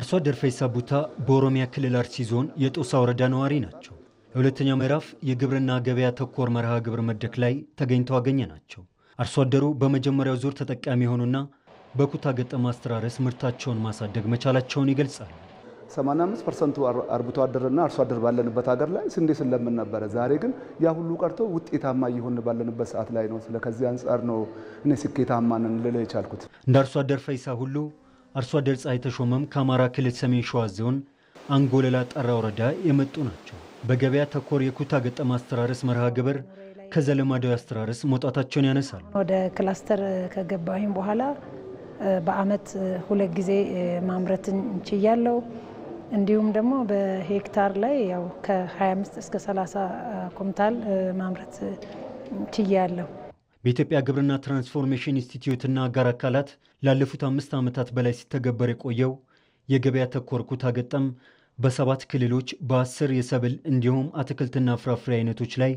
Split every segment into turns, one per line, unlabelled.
አርሶ አደር ፈይሳ ቡታ በኦሮሚያ ክልል አርሲ ዞን የጦሳ ወረዳ ነዋሪ ናቸው። የሁለተኛው ምዕራፍ የግብርና ገበያ ተኮር መርሃ ግብር መድረክ ላይ ተገኝተው አገኘ ናቸው። አርሶ አደሩ በመጀመሪያው ዙር ተጠቃሚ የሆኑና በኩታ ገጠም አስተራረስ ምርታቸውን ማሳደግ መቻላቸውን ይገልጻል።
85 ፐርሰንቱ አርብቶ አደርና አርሶ አደር ባለንበት ሀገር ላይ ስንዴ ስለምን ነበረ። ዛሬ ግን ያ ሁሉ ቀርቶ ውጤታማ እየሆን ባለንበት ሰዓት ላይ ነው። ስለከዚህ አንጻር ነው እኔ ስኬታማ ነን ልል የቻልኩት።
እንደ አርሶ አደር ፈይሳ ሁሉ አርሶ አደር ፀሐይ ተሾመም ከአማራ ክልል ሰሜን ሸዋ ዞን አንጎለላ ጠራ ወረዳ የመጡ ናቸው። በገበያ ተኮር የኩታ ገጠም አስተራረስ መርሃ ግብር ከዘለማዳዊ አስተራረስ መውጣታቸውን ያነሳል።
ወደ ክላስተር ከገባሁኝ በኋላ በአመት ሁለት ጊዜ ማምረት እንችያለው። እንዲሁም ደግሞ በሄክታር ላይ ያው ከ25 እስከ 30 ኩንታል ማምረት ችያለሁ።
በኢትዮጵያ ግብርና ትራንስፎርሜሽን ኢንስቲትዩትና አጋር አካላት ላለፉት አምስት ዓመታት በላይ ሲተገበር የቆየው የገበያ ተኮር ኩታ ገጠም በሰባት ክልሎች በአስር የሰብል እንዲሁም አትክልትና ፍራፍሬ አይነቶች ላይ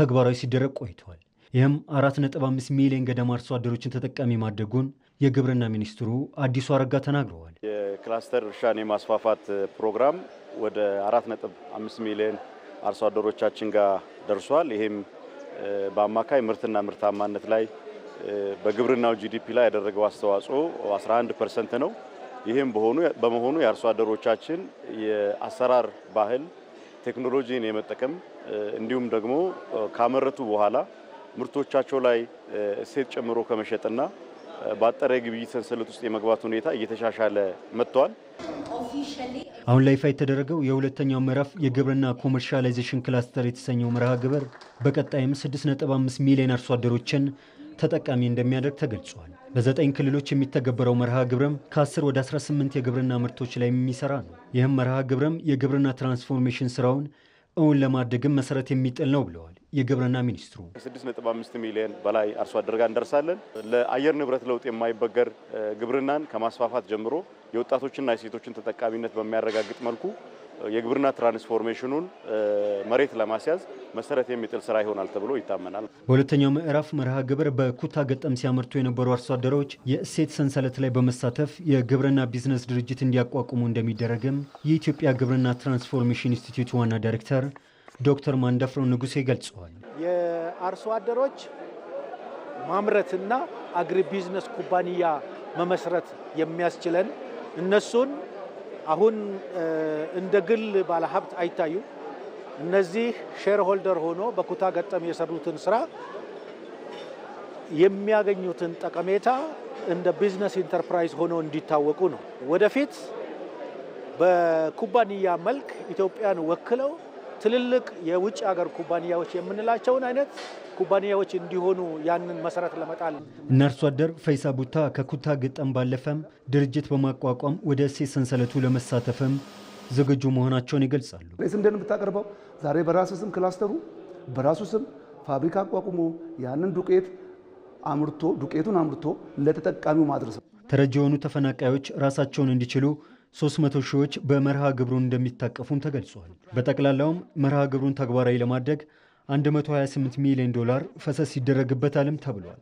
ተግባራዊ ሲደረግ ቆይተዋል። ይህም 4.5 ሚሊዮን ገደማ አርሶ አደሮችን ተጠቃሚ ማድረጉን የግብርና ሚኒስትሩ አዲሱ አረጋ ተናግረዋል።
የክላስተር እርሻን የማስፋፋት ፕሮግራም ወደ 4.5 ሚሊዮን አርሶ አደሮቻችን ጋር ደርሷል። ይህም በአማካይ ምርትና ምርታማነት ላይ በግብርናው ጂዲፒ ላይ ያደረገው አስተዋጽኦ 11 ፐርሰንት ነው። ይህም በመሆኑ የአርሶ አደሮቻችን የአሰራር ባህል ቴክኖሎጂን የመጠቀም እንዲሁም ደግሞ ካመረቱ በኋላ ምርቶቻቸው ላይ እሴት ጨምሮ ከመሸጥና በአጠረ ግብይት ሰንሰለት ውስጥ የመግባት ሁኔታ እየተሻሻለ መጥቷል።
አሁን ላይ ይፋ የተደረገው የሁለተኛው ምዕራፍ የግብርና ኮመርሻላይዜሽን ክላስተር የተሰኘው መርሃ ግብር በቀጣይም 6.5 ሚሊዮን አርሶ አደሮችን ተጠቃሚ እንደሚያደርግ ተገልጿል። በዘጠኝ ክልሎች የሚተገበረው መርሃ ግብርም ከ10 ወደ 18 የግብርና ምርቶች ላይ የሚሰራ ነው። ይህም መርሃ ግብርም የግብርና ትራንስፎርሜሽን ስራውን እውን ለማድረግም መሰረት የሚጥል ነው ብለዋል የግብርና ሚኒስትሩ።
ከ6.5 ሚሊዮን በላይ አርሶ አደር ጋር እንደርሳለን። ለአየር ንብረት ለውጥ የማይበገር ግብርናን ከማስፋፋት ጀምሮ የወጣቶችና የሴቶችን ተጠቃሚነት በሚያረጋግጥ መልኩ የግብርና ትራንስፎርሜሽኑን መሬት ለማስያዝ መሰረት የሚጥል ስራ ይሆናል ተብሎ ይታመናል።
በሁለተኛው ምዕራፍ መርሃ ግብር በኩታ ገጠም ሲያመርቱ የነበሩ አርሶ አደሮች የእሴት ሰንሰለት ላይ በመሳተፍ የግብርና ቢዝነስ ድርጅት እንዲያቋቁሙ እንደሚደረግም የኢትዮጵያ ግብርና ትራንስፎርሜሽን ኢንስቲትዩት ዋና ዳይሬክተር ዶክተር ማንደፍረው ንጉሴ ገልጸዋል።
የአርሶ አደሮች ማምረትና አግሪ ቢዝነስ ኩባንያ መመስረት የሚያስችለን እነሱን አሁን እንደ ግል ባለሀብት አይታዩም። እነዚህ ሼር ሆልደር ሆኖ በኩታ ገጠም የሰሩትን ስራ የሚያገኙትን ጠቀሜታ እንደ ቢዝነስ ኢንተርፕራይዝ ሆኖ እንዲታወቁ ነው። ወደፊት በኩባንያ መልክ ኢትዮጵያን ወክለው ትልልቅ የውጭ ሀገር ኩባንያዎች የምንላቸውን አይነት ኩባንያዎች እንዲሆኑ ያንን መሰረት ለመጣል
ነርሶ አደር ፈይሳ ቡታ ከኩታ ግጠም ባለፈም ድርጅት በማቋቋም ወደ እሴት ሰንሰለቱ ለመሳተፍም ዝግጁ መሆናቸውን ይገልጻሉ።
ስም እንደን ብታቀርበው ዛሬ በራሱ ስም ክላስተሩ በራሱ ስም ፋብሪካ አቋቁሞ ያንን ዱቄት አምርቶ ዱቄቱን አምርቶ ለተጠቃሚው ማድረስ
ተረጂ የሆኑ ተፈናቃዮች ራሳቸውን እንዲችሉ 300 ሺዎች በመርሃ ግብሩን እንደሚታቀፉም ተገልጿል። በጠቅላላውም መርሃ ግብሩን ተግባራዊ ለማድረግ 128 ሚሊዮን ዶላር ፈሰስ ይደረግበታልም ተብሏል።